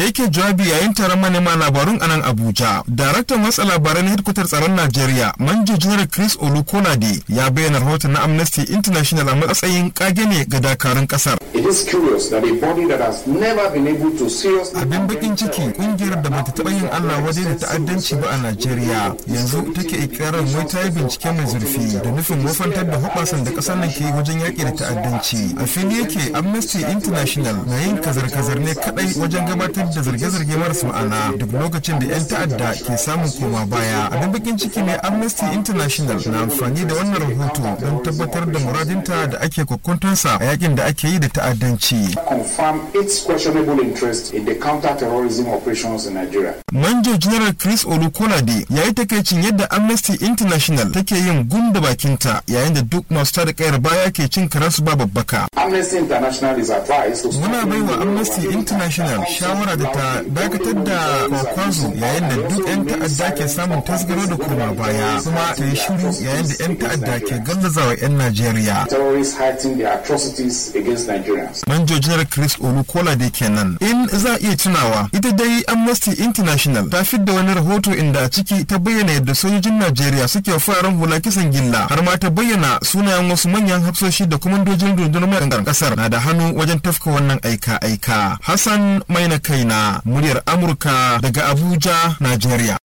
da yake jawabi yayin taron manema labarun a nan abuja daraktan watsa labaran hedkwatar tsaron najeriya manjo janar chris Olukonade ya bayyana rahoton na amnesty international a matsayin kage ne ga dakarun kasar abin bakin ciki kungiyar da bata taɓa yin allah waje da ta'addanci ba a najeriya yanzu take ikirarin wai ta yi bincike mai zurfi da nufin wafantar da hubasan da ƙasar nan ke wajen yaƙi da ta'addanci a fili yake amnesty international na yin kazar-kazar ne kaɗai wajen gabatar da zarge-zarge marasa ma'ana duk lokacin da 'yan ta'adda ke samun koma baya abin bakin ciki ne amnesty international na amfani da wannan rahoto don tabbatar da muradinta da ake kwakuntansa a yakin da ake yi da ta'addanci manjo general chris olukolade ya yi takaicin yadda amnesty international take yin gun da bakinta yayin da duk masu tada kayar baya ke cin karansu ba babbaka muna baiwa amnesty international shawara shawara da ta dakatar da kwakwazo yayin da duk 'yan ta'adda ke samun tasgaro da koma baya kuma ta yi shiru yayin da 'yan ta'adda ke gallazawa 'yan Najeriya. Manjo Janar Chris kola da kenan. In za a iya tunawa ita dai Amnesty International ta da wani rahoto inda a ciki ta bayyana yadda sojojin Najeriya suke fararen hula kisan gilla har ma ta bayyana sunayen wasu manyan hafsoshi da kuma dojin rundunar mayan kasar na da hannu wajen tafka wannan aika-aika. Hassan Maina kai China, muryar Amurka daga Abuja, Najeriya.